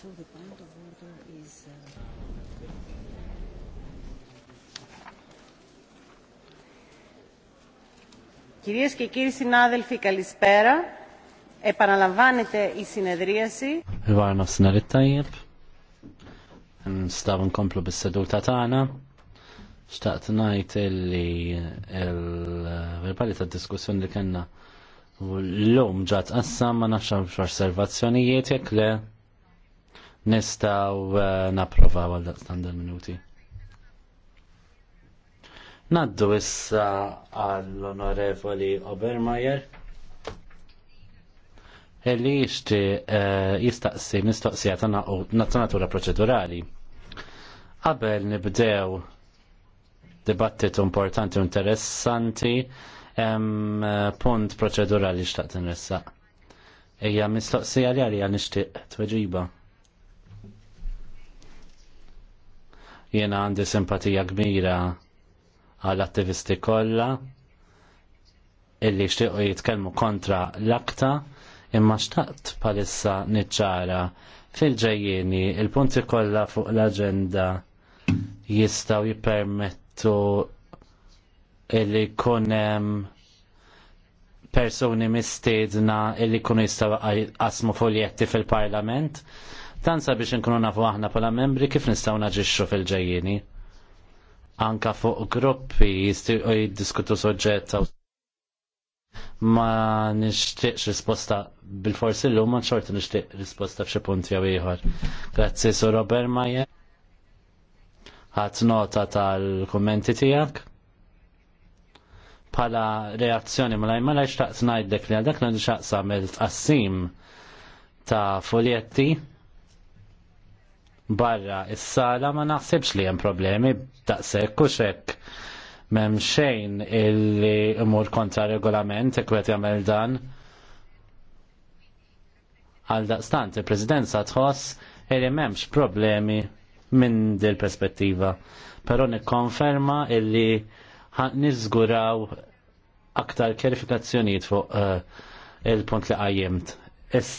So the point of order is. Uh, Κυρίες και κύριοι συνάδελφοι, καλησπέρα. Επαναλαμβάνεται η συνεδρίαση. Βάρνα συνεδριτάιεπ. Nstaw nkomplu bis-seduta tagħna. Xtaqt ngħid li l-verbali tad-diskussjoni li kellna l-lum ġat qassam ma nafx observazzjonijiet jekk le nistaw eh, naprofa għal daqstan minuti. Naddu issa għall-onorevoli Obermajer. Eli jixti eh, jistaqsi mistoqsija għatana natura proċedurali. Qabel nibdew dibattitu importanti u interessanti, hemm eh, punt proċedurali xtaqt nressaq. Ejja mistoqsija li għalija nixtieq tweġiba. Jiena għandi simpatija kbira għall attivisti kollha illi xtiequ jitkellmu kontra l-akta imma xtaqt palissa niċċara fil-ġejjieni il-punti kollha fuq l-aġenda jistgħu jippermettu illi kunem persuni mistedna illi kunu jistaw qasmu foljetti fil-parlament Tan sabiex nkunu nafu aħna pala membri kif nistgħu naġixxu fil ġejjini Anka fuq gruppi jistgħu jiddiskutu soġġett ma nixtieqx risposta bil-forsi l-lum, ma xorti nixtieq risposta f'xi punti jew ieħor. Grazzi su Robert Maje. Ħadd nota tal-kummenti tiegħek. Pala reazzjoni lajma lajx xtaqt ngħidlek li għadak l-nxaqsam il-tqassim ta' foljetti barra is-sala ma naħsibx li hemm problemi daqshekk u xekk M'hemm xejn illi imur kontra regolament qed jagħmel dan. Għal daqstant il-Presidenza tħoss illi m'hemmx problemi minn dil perspettiva. Però nikkonferma illi niżguraw aktar kjarifikazzjonijiet fuq eh, il-punt li qajjimt. Issa